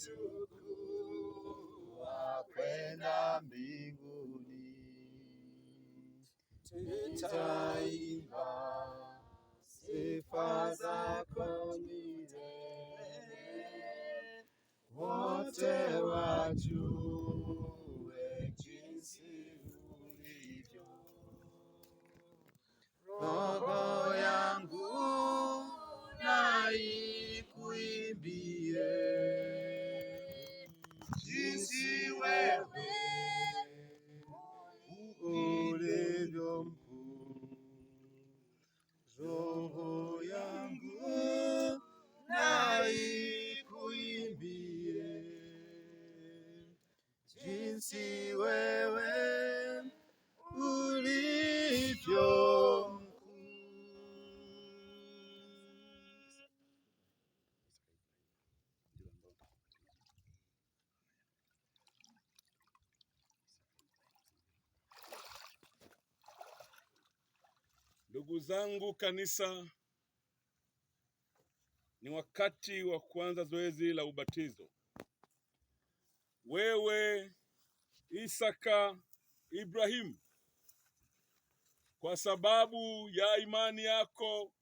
Chukua kwenda mbinguni, tutaimba sifa zako milele, wote wajue jinsi ulivyo Roho Ndugu zangu kanisa, ni wakati wa kuanza zoezi la ubatizo. Wewe Isaka Ibrahimu, kwa sababu ya imani yako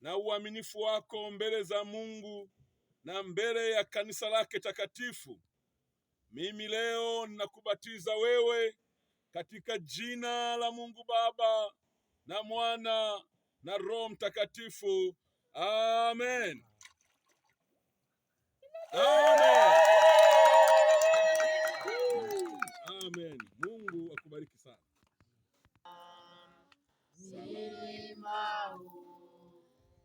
na uaminifu wako mbele za Mungu na mbele ya kanisa lake takatifu, mimi leo ninakubatiza wewe katika jina la Mungu Baba na Mwana na Roho Mtakatifu. Amen. Amen. Amen. Mungu akubariki sana.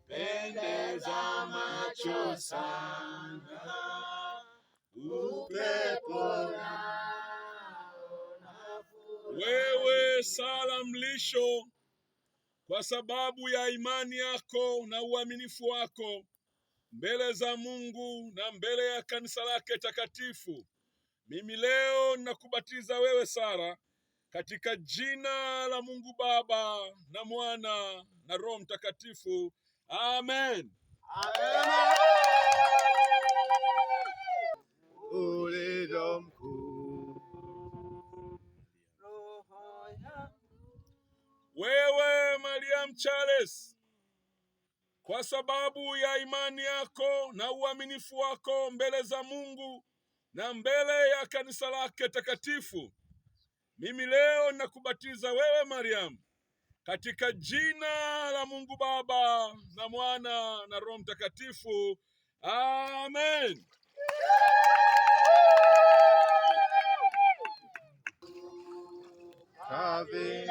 Pendeza macho sana, upepo nao, wewe sala mlisho kwa sababu ya imani yako na uaminifu wako mbele za Mungu na mbele ya kanisa lake takatifu. Mimi leo ninakubatiza wewe Sara katika jina la Mungu Baba na Mwana na Roho Mtakatifu. Amen, amen. sababu ya imani yako na uaminifu wako mbele za Mungu na mbele ya kanisa lake takatifu. Mimi leo ninakubatiza wewe Mariamu katika jina la Mungu Baba na Mwana na Roho Mtakatifu. Amen. Ave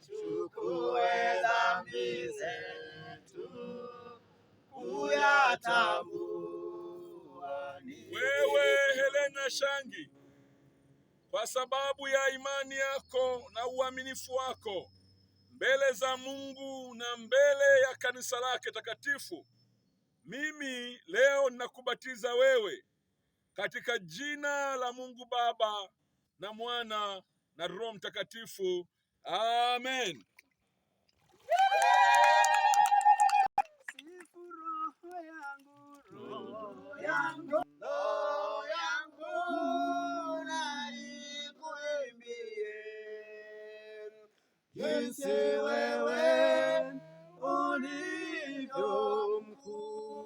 chukue dhambi zetu Wewe Helena Shangi, kwa sababu ya imani yako na uaminifu wako mbele za Mungu na mbele ya kanisa lake takatifu, mimi leo ninakubatiza wewe katika jina la Mungu Baba na Mwana na Roho Mtakatifu. Amen.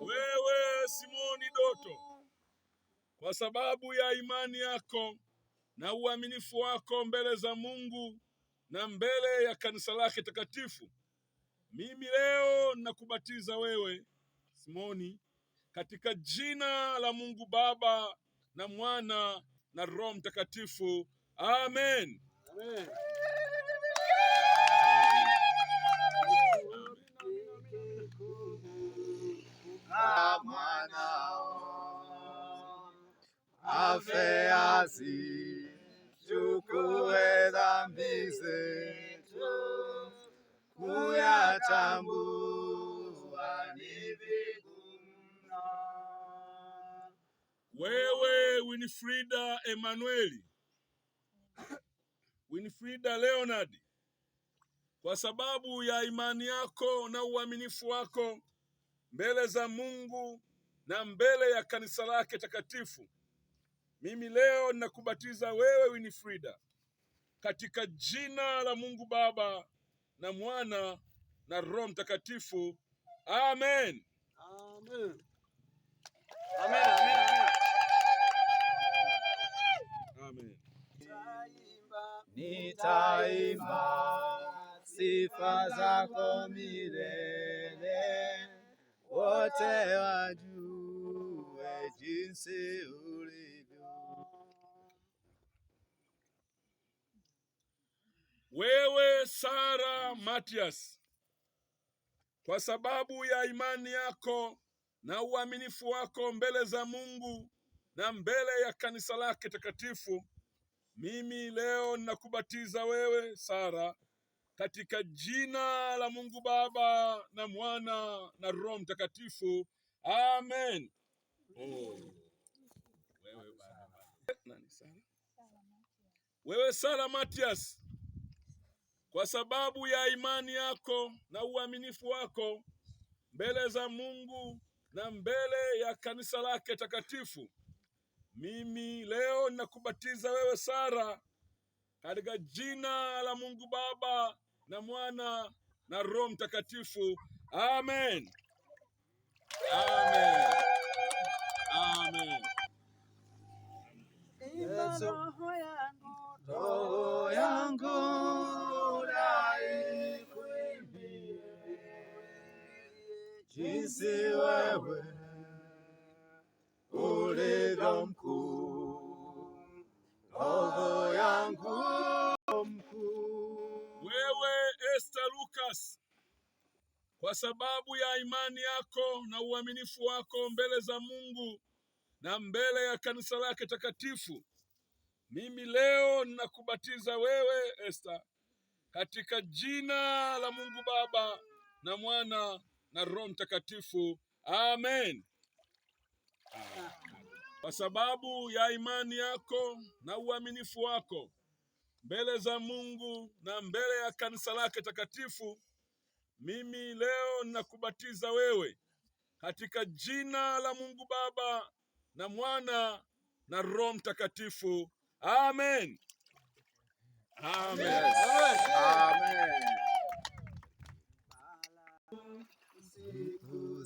Wewe Simoni Doto, kwa sababu ya imani yako na uaminifu wako mbele za Mungu na mbele ya kanisa lake takatifu. Mimi leo nakubatiza wewe Simoni katika jina la Mungu Baba na Mwana na Roho Mtakatifu. Amen. Amen. Amen. Amen dhambi zetu, kuyatambua ni vigumu. Wewe Winifrida Emanueli, Winifrida Leonard, kwa sababu ya imani yako na uaminifu wako mbele za Mungu na mbele ya kanisa lake takatifu mimi leo ninakubatiza wewe Winifrida katika jina la Mungu Baba na Mwana na Roho Mtakatifu. Amen. Amen. Amen, amen, amen. Nitaimba sifa zako milele, wote wajue jinsi wewe Sara Matias, kwa sababu ya imani yako na uaminifu wako mbele za Mungu na mbele ya kanisa lake takatifu, mimi leo ninakubatiza wewe Sara katika jina la Mungu Baba na Mwana na Roho Mtakatifu, amen. Oh. Wewe, wewe Sara Matias kwa sababu ya imani yako na uaminifu wako mbele za Mungu na mbele ya kanisa lake takatifu. Mimi leo ninakubatiza wewe Sara katika jina la Mungu Baba na Mwana na Roho Mtakatifu. Amen. Amen. Amen. Roho yangu, roho yangu jinsi wewe ulivyo mkuu, roho yangu mkuu. Wewe Esther Lucas, kwa sababu ya imani yako na uaminifu wako mbele za Mungu na mbele ya kanisa lake takatifu, mimi leo ninakubatiza wewe Esther katika jina la Mungu Baba na Mwana na Roho Mtakatifu. Amen. Kwa sababu ya imani yako na uaminifu wako mbele za Mungu na mbele ya kanisa lake takatifu, mimi leo ninakubatiza wewe katika jina la Mungu Baba na Mwana na Roho Mtakatifu. Amen. Amen. Amen. Amen. Amen.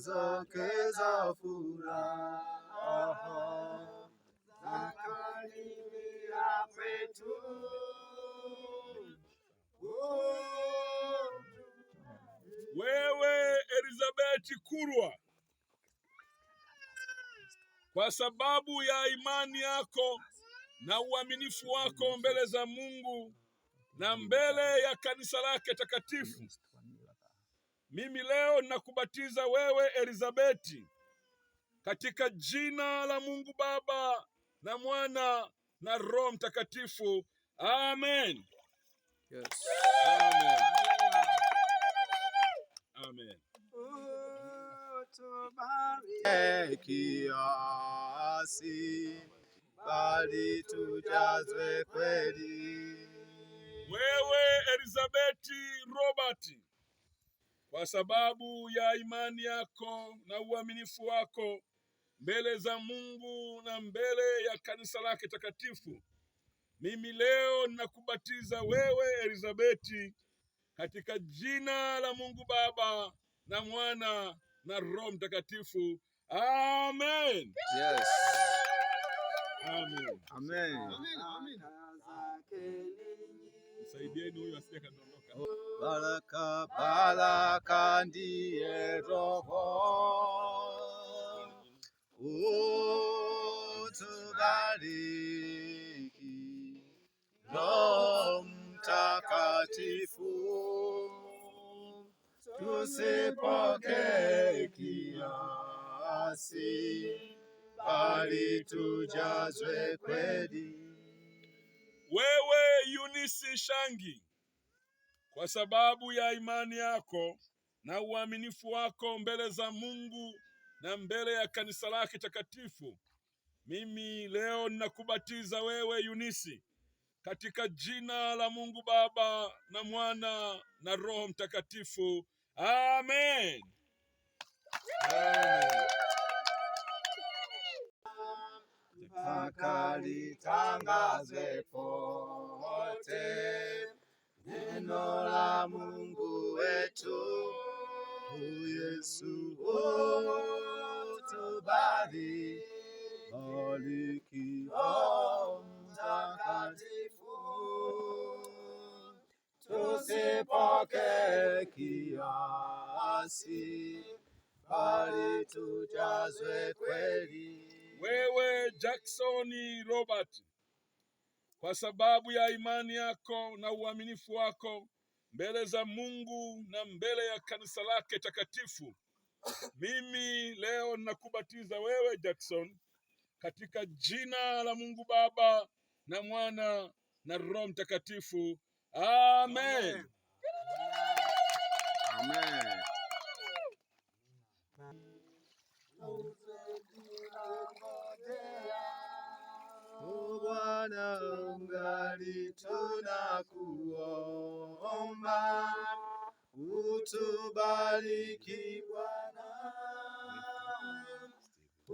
zake za furaha zakaribia petu wewe Elizabeti Kurwa, kwa sababu ya imani yako na uaminifu wako mbele za Mungu na mbele ya kanisa lake takatifu mimi leo ninakubatiza wewe Elizabeti katika jina la Mungu Baba na Mwana na Roho Mtakatifu. Amen. Yes. Amen. Amen. bali tujazwe kweli. Wewe Elizabeti Robert kwa sababu ya imani yako na uaminifu wako mbele za Mungu na mbele ya kanisa lake takatifu. Mimi leo ninakubatiza wewe Elizabeti katika jina la Mungu Baba na Mwana na Roho Mtakatifu. Amen. Yes. Amen. Amen. Amen. Amen. Amen. Amen. Amen. Amen. Baraka, baraka ndiye Roho, utubariki Roho Mtakatifu, tusipokee kiasi, bali tujazwe kweli. Wewe Eunice Shangi kwa sababu ya imani yako na uaminifu wako mbele za Mungu na mbele ya kanisa lake takatifu. Mimi leo ninakubatiza wewe Yunisi katika jina la Mungu Baba na Mwana na Roho Mtakatifu. Amen. Mpaka litangazwe pote neno la Mungu wetu Yesu utubali alikiwa mtakatifu, tusipokee kiasi, bali tujazwe kweli. Wewe Jacksoni Robert kwa sababu ya imani yako na uaminifu wako mbele za Mungu na mbele ya kanisa lake takatifu. Mimi leo ninakubatiza wewe Jackson katika jina la Mungu Baba na Mwana na Roho Mtakatifu. Amen. Amen. Amen.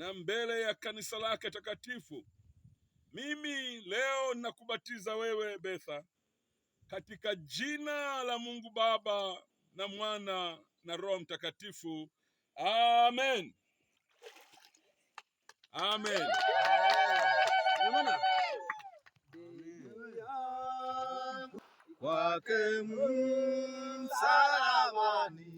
na mbele ya kanisa lake takatifu. Mimi leo ninakubatiza wewe Betha katika jina la Mungu Baba na Mwana na Roho Mtakatifu. Amen. Amen. Kwake msalabani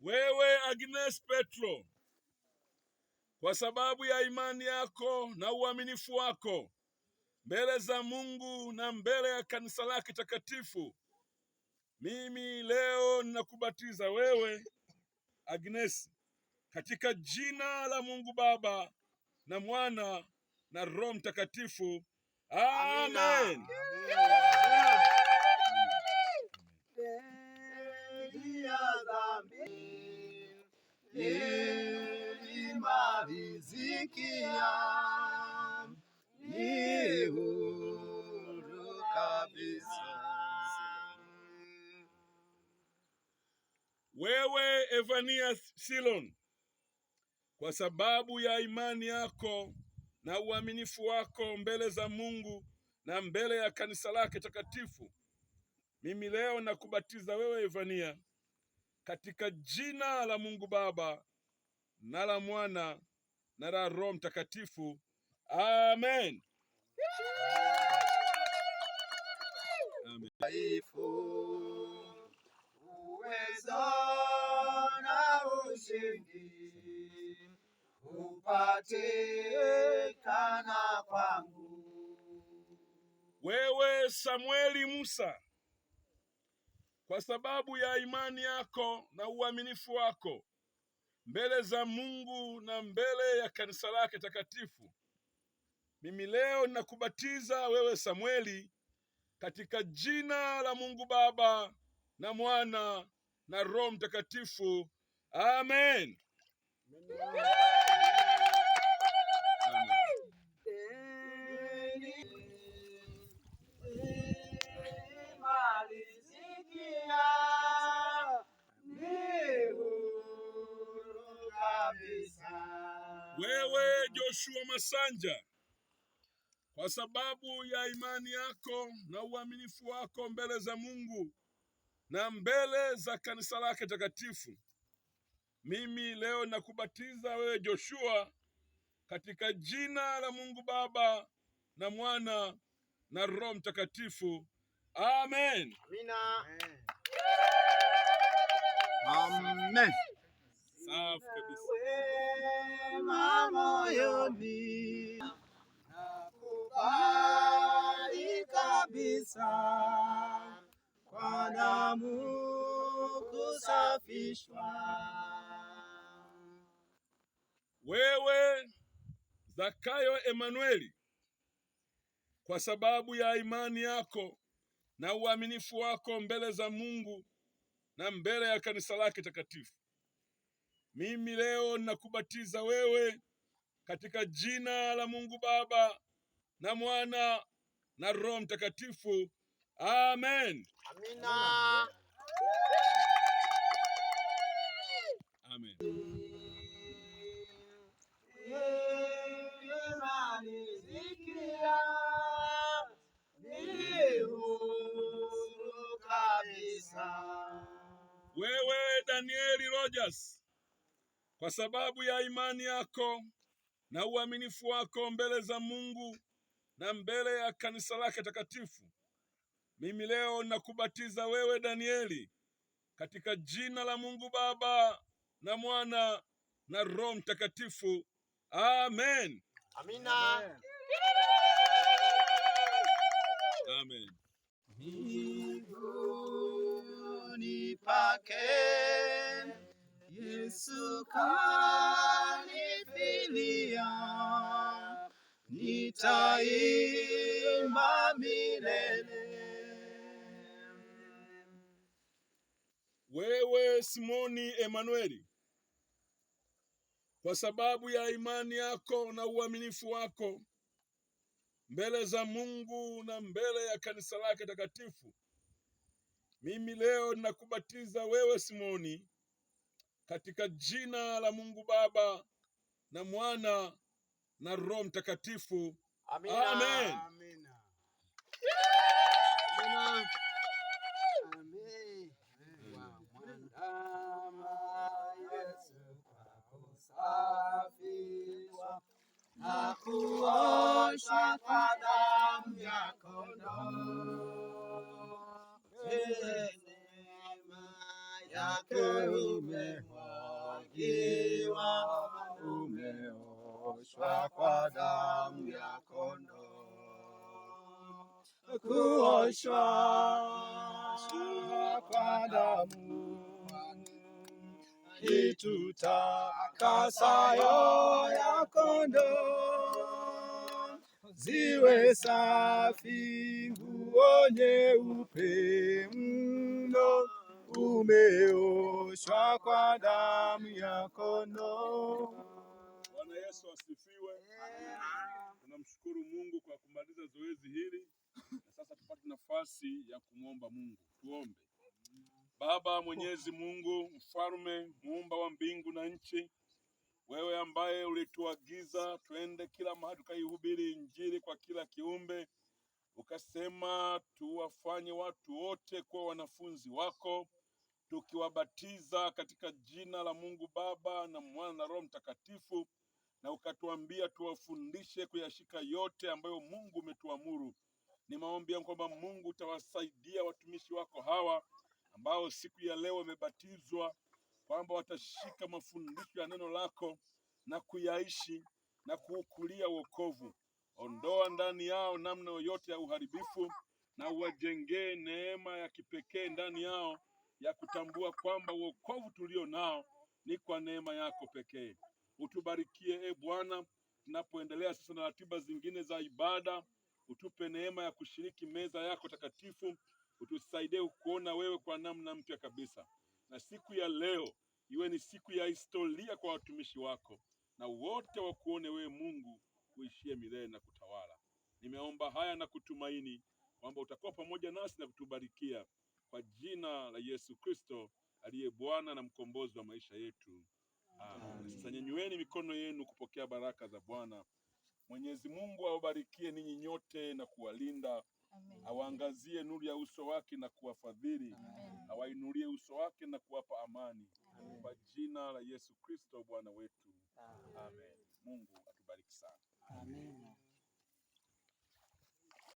wewe Agnes Petro, kwa sababu ya imani yako na uaminifu wako mbele za Mungu na mbele ya kanisa lake takatifu, mimi leo ninakubatiza wewe Agnes katika jina la Mungu Baba na Mwana na Roho Mtakatifu. Amen. Wewe Evanias Silon, kwa sababu ya imani yako na uaminifu wako mbele za Mungu na mbele ya kanisa lake takatifu. Mimi leo nakubatiza wewe evania katika jina la Mungu Baba na la Mwana na la Roho Mtakatifu. Amen. Yeah! Amen. kupatikana kwangu. Wewe Samueli Musa, kwa sababu ya imani yako na uaminifu wako mbele za Mungu na mbele ya kanisa lake takatifu, mimi leo ninakubatiza wewe Samueli katika jina la Mungu Baba na Mwana na Roho Mtakatifu. Amen. Joshua Masanja, kwa sababu ya imani yako na uaminifu wako mbele za Mungu na mbele za kanisa lake takatifu, mimi leo nakubatiza wewe Joshua katika jina la Mungu Baba na Mwana na Roho Mtakatifu. Amen. Amina. Amen. Amen. Safi kabisa. Wema moyoni nakubali kabisa kwa damu kusafishwa. Wewe Zakayo Emanueli, kwa sababu ya imani yako na uaminifu wako mbele za Mungu na mbele ya kanisa lake takatifu mimi leo ninakubatiza wewe katika jina la Mungu Baba na Mwana na Roho Mtakatifu. Amen. Amina. Amen. Wewe Danieli Rogers kwa sababu ya imani yako na uaminifu wako mbele za Mungu na mbele ya kanisa lake takatifu, mimi leo nakubatiza wewe Danieli katika jina la Mungu Baba na Mwana na Roho Mtakatifu. Amen. Amina. Amen. Amen. Mbinguni pake Yesu kanifilia, nitaimba milele. Wewe Simoni Emanueli, kwa sababu ya imani yako na uaminifu wako mbele za Mungu na mbele ya kanisa lake takatifu, mimi leo ninakubatiza wewe Simoni katika jina la Mungu Baba na Mwana na Roho Mtakatifu. Amina. Amen. Amina. Amina. na kuoshwa kwa damu ya kondoo, neema yake ume umeoshwa, umeoshwa kwa damu ya kondoo. Kuoshwa kwa damu itutakasayo ya kondoo, ziwe safi nguo nyeupe mno umeoshwa kwa damu ya kondoo. Bwana Yesu asifiwe. Tunamshukuru Mungu kwa kumaliza zoezi hili, na sasa tupate nafasi ya kumwomba Mungu. Tuombe. Baba Mwenyezi Mungu, mfalme muumba wa mbingu na nchi, wewe ambaye ulituagiza twende kila mahali tukaihubiri Injili kwa kila kiumbe, ukasema tuwafanye watu wote kuwa wanafunzi wako tukiwabatiza katika jina la Mungu Baba na Mwana na Roho Mtakatifu, na ukatuambia tuwafundishe kuyashika yote ambayo Mungu umetuamuru. Ni maombi yangu kwamba Mungu utawasaidia watumishi wako hawa ambao siku ya leo wamebatizwa, kwamba watashika mafundisho ya neno lako na kuyaishi na kuukulia wokovu. Ondoa ndani yao namna yoyote ya uharibifu na uwajengee neema ya kipekee ndani yao ya kutambua kwamba wokovu tulio nao ni kwa neema yako pekee. Utubarikie e Bwana, tunapoendelea sasa na ratiba zingine za ibada, utupe neema ya kushiriki meza yako takatifu, utusaidie kuona wewe kwa namna mpya kabisa, na siku ya leo iwe ni siku ya historia kwa watumishi wako, na wote wakuone wewe Mungu uishie milele na kutawala. Nimeomba haya na kutumaini kwamba utakuwa pamoja nasi na kutubarikia kwa jina la Yesu Kristo aliye Bwana na mkombozi wa maisha yetu. Amen. Sasa nyanyueni mikono yenu kupokea baraka za Bwana. Mwenyezi Mungu awabarikie ninyi nyote na kuwalinda. Awaangazie nuru ya uso wake na kuwafadhili. Awainulie uso wake na kuwapa amani. Amen. Kwa jina la Yesu Kristo Bwana wetu. Amen. Amen. Mungu atubariki sana. Amen.